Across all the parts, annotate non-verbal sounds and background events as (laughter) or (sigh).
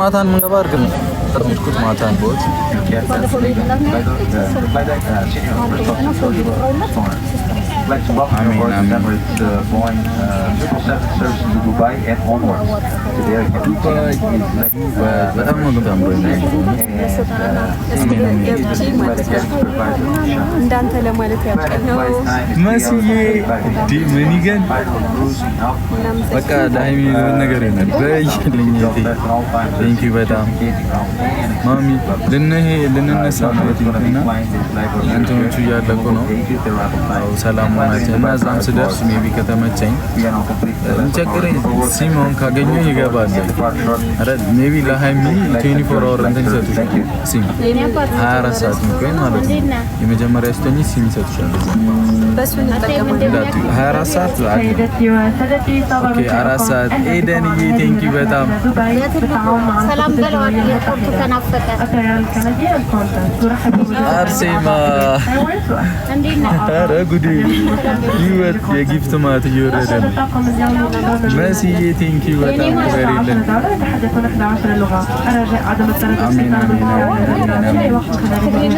ማታን ምንገባ እርግም ጠርሜድኩት ማታን ቦት complex welcome I mean, aboard I mean, Emirates uh, Boeing uh, 777 services to Dubai and onwards. Today Dubai is በጣም ነው በጣም ነው እንዳንተ ለማለት ያቀል ነው መስዬ ዲ ምን ይገን በቃ ለሃይሚ ምን ነገር ይሆናል በይልኝ እቴ ቴንክ ዩ በጣም ማሚ ልንሄ ልንነሳ ማለት ነው እና እንትኖቹ እያለቁ ነው ሰላም ማለት ነው። እና እዛም ስደርስ ሜቢ ከተመቸኝ የሚቸግረኝ ሲሞን ካገኘሁ ይገባል። ሜቢ ለሀይሚ ትዌንቲ ፎር አወር እንትን ይሰጡሻል። ሲም ሀያ ሰዓት የሚቆይ ማለት ነው። የመጀመሪያ ስተኝ ሲም ይሰጡሻል። ሀያ አራት ሰዓት አራት ሰዓት ኤደንዬ፣ ቴንኪው በጣም አርሴማ ኧረ ጉዴ ህይወት የጊፍት ማለት እየወረደ ነው። መስዬ ቴንኪዩ በጣም ክበር የለን። አሜን አሜን አሜን አሜን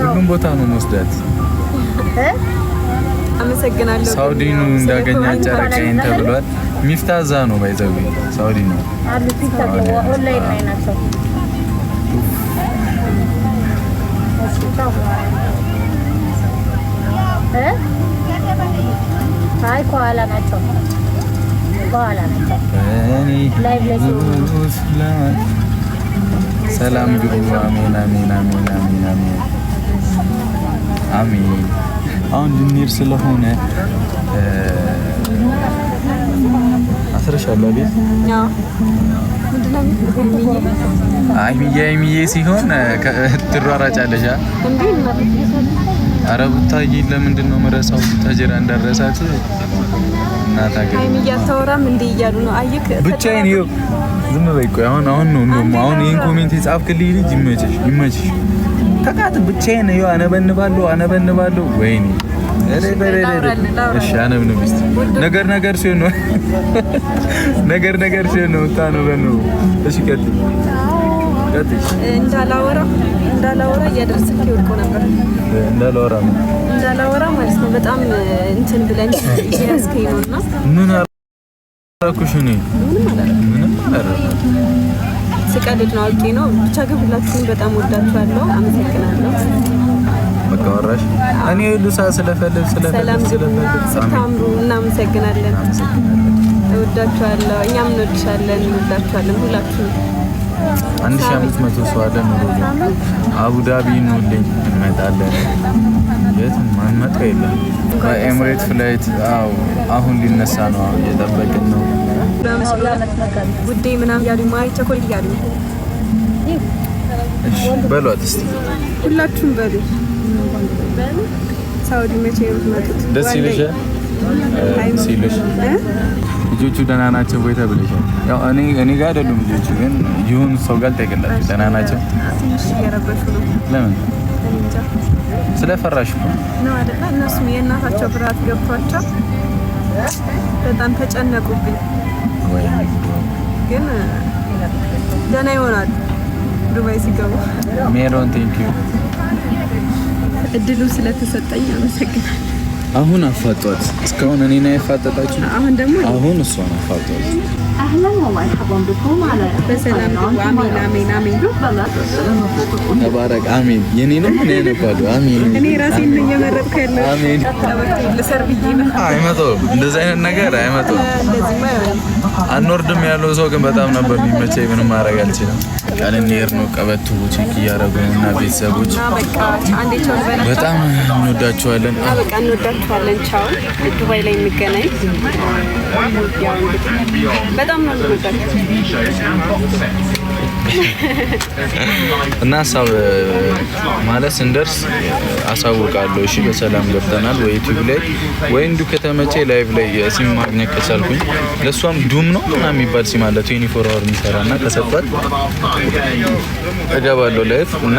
ሁሉም ቦታ ነው መወስዳት። አመሰግናለሁ። ሳውዲ ነው እንዳገኛ ጨረቃዬን ተብሏል። ሚፍታ እዛ ነው ባይዘው ሳውዲ ነው አይ ሰላም ግቡ። አሜን አሜን አሜን አሜን አሜን አሜን። አሁን ልንሄድ ስለሆነ አስረሻለሁ ቤት አይሚዬ አይሚዬ ሲሆን ትሯራጫለሽ። አረ ቡታዬ ለምንድን ነው መረሳው? ቡታጀራ እንዳረሳት ብቻዬን ይኸው ዝም በይ። ቆይ አሁን አሁን ነው እንደውም አሁን ይሄን ኮሜንት የጻፍክልኝ ልጅ ይመችሽ፣ ይመችሽ ተቃት ብቻዬን ነው አነበንባለሁ አነበንባለሁ። ወይኔ እሺ አነብንብ እስኪ ነገር ነገር ሲሆን ነው (laughs) ነገር ነገር ሲሆን ነው እሺ እንዳላወራ እንዳላወራ እያደረሰ ነበር። እንዳላወራ እንዳላወራ ማለት ነው። በጣም እንትን ብለን ያስከኝ ነውና ምን አደረኩሽ? እኔ ምንም ስቀልድ ነው አውቄ ነው። ብቻ ግን ሁላችሁም በጣም ወዳችኋለሁ። አመሰግናለሁ። በቃ ወራሽ እኔ ሁሉ ሰዓት ስለፈልግ ስለሰላም ስታምሩ እናመሰግናለን። እወዳችኋለሁ። እኛም እንወድሻለን፣ እንወዳችኋለን ሁላችሁም። አንድ ሺህ አምስት መቶ ሰው አለ ነው አቡዳቢ እንውልኝ እንመጣለን። የትም ማንመጣ የለም። ኤምሬት ፍላይት አሁን ሊነሳ ነው፣ እየጠበቅን ነው ጉዴ ምናምን እያሉኝ ማሪ ቸኮሌት እያሉኝ በሏት እስኪ ሁላችሁም በሉ። ሳውዲ መቼ ነው የምትመጡት? ደስ ይልሻል ሲሉሽ ልጆቹ ደህና ናቸው ወይ ተብለሻል? ያው እኔ እኔ ጋር አይደሉም ልጆቹ፣ ግን ይሁን ሰው ጋር ልጠይቅላችሁ። ደህና ናቸው። ለምን ስለፈራሽ ነው አይደል? እነሱም የእናታቸው ፍርሃት ገብቷቸው በጣም ተጨነቁብኝ። ግን ደህና ይሆናል ዱባይ ሲገቡ። ሜሮን ቴንኪዩ እድሉ ስለተሰጠኝ አመሰግናል። አሁን አፋጧት። እስካሁን እኔ ነው ያፋጠጣችሁ። አሁን ደግሞ አሁን እሷን አፋጧት። ተባረክ። አሜን። የኔ ነው ምን ያነባሉ? አሜን። እኔ ራሴን ነው እየመረጥኩ ያለው። አሜን። እንደዚህ አይነት ነገር አይመጣም። አንወርድም ያለው ሰው ግን በጣም ነበር የሚመቸኝ። ምንም ማድረግ አልችልም። ቀን እንሄድ ነው ቀበቱ ቼክ እያደረጉ ነው እና ቤተሰቦች በጣም እንወዳችኋለን፣ በጣም ነው እና ሀሳብ ማለት ስንደርስ አሳውቃለሁ። እሺ በሰላም ገብተናል ወይ ዩቲዩብ ላይ ወይ እንዱ ከተመቼ ላይቭ ላይ ሲም ማግኘት ከቻልኩኝ ለእሷም ዱም ነው ምና የሚባል ሲም አለ ዩኒፎር ወር የሚሰራ እና ከሰጧት እገባለሁ ላይፍ እና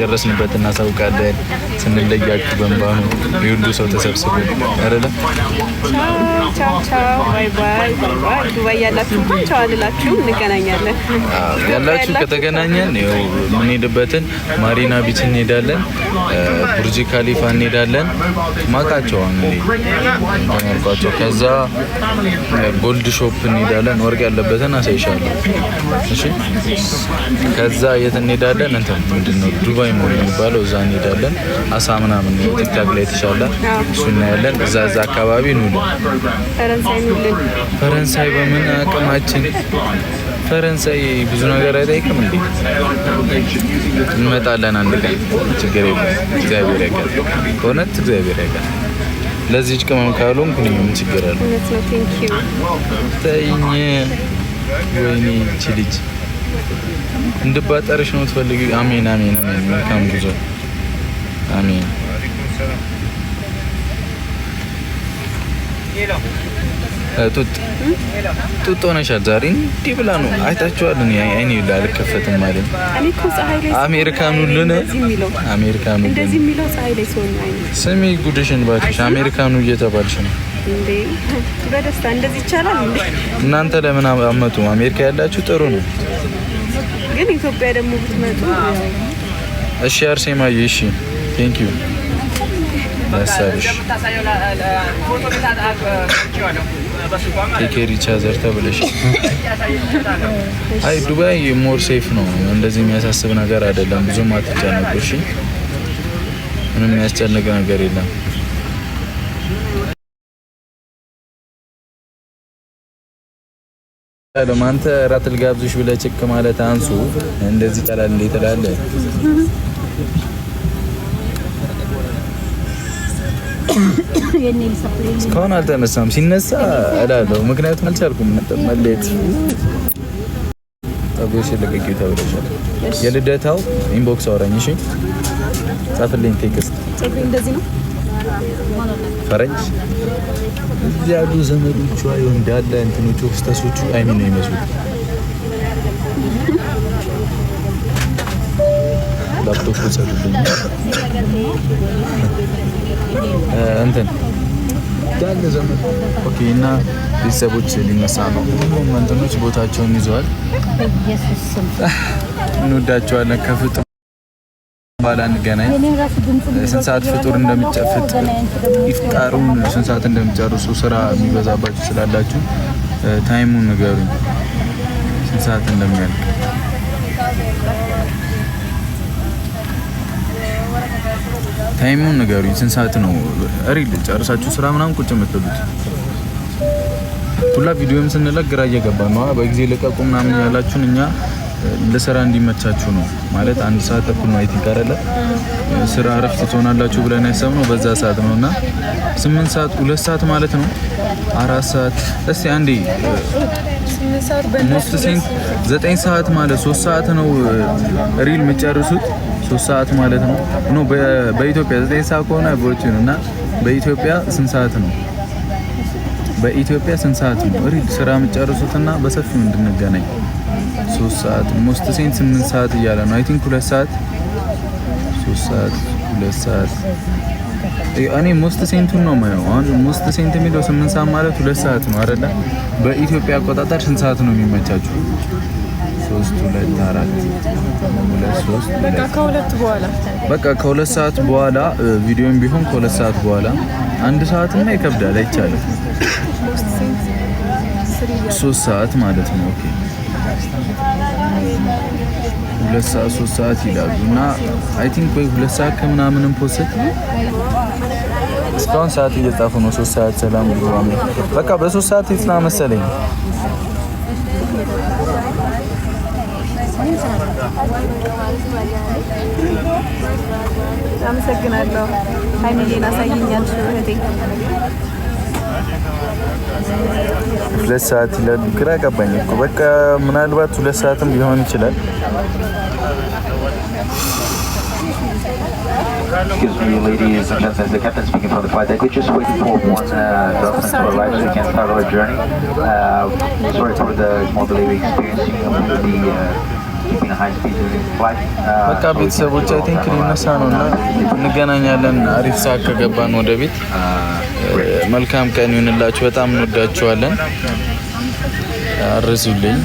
የደረስንበት እናሳውቃለን። ስንለያችሁ በንባ የሁሉ ሰው ተሰብስቡ አይደለም። ቻው ቻው፣ ባይ ባይ። ዱባይ ያላችሁ ቻው አልላችሁም፣ እንገናኛለን ያላችሁ ከተገናኘን የምንሄድበትን ማሪና ቢች እንሄዳለን፣ ቡርጅ ካሊፋ እንሄዳለን። ማቃቸው ኳቸው ከዛ ጎልድ ሾፕ እንሄዳለን። ወርቅ ያለበትን አሳይሻለሁ። እሺ፣ ከዛ የት እንሄዳለን? እንተ ምንድን ነው ዱባይ ሞል የሚባለው እዛ እንሄዳለን። አሳ ምናምን ቲክታክ ላይ የተሻለ እሱ እናያለን። እዛ እዛ አካባቢ እንውልን። ፈረንሳይ በምን አቅማችን ፈረንሳይ ብዙ ነገር አይጠይቅም እንዴ? እንመጣለን አንድ ቀን ችግር የለም። እግዚአብሔር ያውቃል፣ በእውነት እግዚአብሔር ያውቃል። ለዚህች ቅመም ካልሆንኩ ምን ችግር አለ? ተይኝ። ወይኔ ይቺ ልጅ እንድባጠርሽ ነው የምትፈልጊው? አሜን፣ አሜን፣ አሜን። መልካም ጉዞ። አሜን። ጡጥ ጡጥ ሆነሻል ዛሬ እንዲህ ብላ ነው። አይታችኋል። እኔ አይኔ አልከፈትም ማለት እኔ እኮ ፀሐይ ላይ አሜሪካኑ ልን አሜሪካኑ እንደዚህ የሚለው ፀሐይ ላይ ሲሆን ስሚ ጉድሽን ባልሽ አሜሪካኑ እየተባልሽ ነው እንዴ? በደስታ እንደዚህ ይቻላል እንዴ? እናንተ ለምን አመጡ? አሜሪካ ያላችሁ ጥሩ ነው፣ ግን ኢትዮጵያ ደግሞ ብትመጡ እሺ። አርሴማዬ እሺ፣ ቴንክ ዩ መሰለሽ ቴኬሪ ቻዘር ተብለሽ። አይ ዱባይ ሞር ሴፍ ነው። እንደዚህ የሚያሳስብ ነገር አይደለም። ብዙም አትጨነቁሽ። ምንም የሚያስጨንቅ ነገር የለም። አንተ ራት ልጋብዝሽ ብለህ ችክ ማለት አንሱ እንደዚህ ቀላል እንዴት እላለህ? እስካሁን አልተነሳም። ሲነሳ እላለሁ፣ ምክንያቱም አልቻልኩም መለየት። ጠቦሽ ልቀቂ ተብለሻል። የልደታው ኢንቦክስ አውራኝ። እሺ ጻፍልኝ ቴክስት። ፈረንጅ ያሉ ዘመዶቿ እንዳለ እንትኖቹ ክስተሶቹ አይሚን ነው ይመስሉ ላፕቶፕ ጸዱልኝ እንትን ኦኬ። እና ቤተሰቦች ሊነሳ ነው። ሁሉም ወንድሞች ቦታቸውን ይዘዋል። እንወዳቸዋለን። ከፍጡር በኋላ እንገናኝ። ስንት ሰዓት ፍጡር እንደሚጨፍጥ ኢፍጣሩን ስንት ሰዓት እንደሚጨርሱ ስራ የሚበዛባችሁ ስላላችሁ ታይሙን ንገሩኝ፣ ስንት ሰዓት እንደሚያልቅ ታይሙን ንገሩኝ። ስንት ሰዓት ነው ሪል ጨርሳችሁ ስራ ምናምን ቁጭ የምትሉት? ሁላ ቪዲዮም ስንለቅ ግራ እየገባ ነው። በጊዜ ልቀቁ ምናምን ያላችሁን እኛ ለስራ እንዲመቻችሁ ነው ማለት አንድ ሰዓት ተኩል ነው አይቲንክ አይደለ? ስራ እረፍት ትሆናላችሁ ብለን ያሰብነው በዛ ሰዓት ነው እና ስምንት ሰዓት ሁለት ሰዓት ማለት ነው አራት ሰዓት እስቲ አንዴ ሞስት ሴንት ዘጠኝ ሰዓት ማለት ሶስት ሰዓት ነው ሪል የሚጨርሱት ሶስት ሰዓት ማለት ነው። ኖ በኢትዮጵያ ዘጠኝ ሰዓት ከሆነ ቦቹ እና በኢትዮጵያ ስንት ሰዓት ነው? በኢትዮጵያ ስንት ሰዓት ነው? ሪድ ስራ የምጨርሱትና በሰፊው እንድንገናኝ ሶስት ሰዓት ሞስት ሴንት ስምንት ሰዓት እያለ ነው። አይ ቲንክ ሁለት ሰዓት ሶስት ሰዓት ሁለት ሰዓት እኔ ሞስት ሴንቱን ነው የማየው። አሁን ሞስት ሴንት የሚለው ስምንት ሰዓት ማለት ሁለት ሰዓት ነው አይደለ? በኢትዮጵያ አቆጣጠር ስንት ሰዓት ነው የሚመቻችሁ? ሶስት ሁለት አራት ሁለት ሶስት በቃ ከሁለት በኋላ በቃ ከሁለት ሰዓት በኋላ ቪዲዮም ቢሆን ከሁለት ሰዓት በኋላ አንድ ሰዓትማ ይከብዳል፣ አይቻልም። ሶስት ሰዓት ማለት ነው። ኦኬ ሁለት ሰዓት ሶስት ሰዓት ይላሉ እና አይ ቲንክ ወይ ሁለት ሰዓት ከምናምንም ፖስት እስካሁን ሰዓት እየጻፉ ነው። ሶስት ሰዓት ሰላም በቃ በሶስት ሰዓት ይጽና መሰለኝ አመሰግናለሁ። ሀይሚዬን አሳየኛል እህቴ። ሁለት ሰዓት ይላል። ግራ ገባኝ እኮ በቃ ምናልባት ሁለት ሰዓትም ሊሆን ይችላል። Excuse me, ladies and gentlemen, the captain speaking for the flight We're just waiting for one uh, to arrive so we can start our journey. Uh, sorry for the more delay experience. በቃ ቤተሰቦች አይ ቲንክ ሊነሳ ነው እና እንገናኛለን። አሪፍ ሰዓት ከገባን ወደ ቤት። መልካም ቀን ይሁንላችሁ። በጣም እንወዳችኋለን። አርሱልኝ።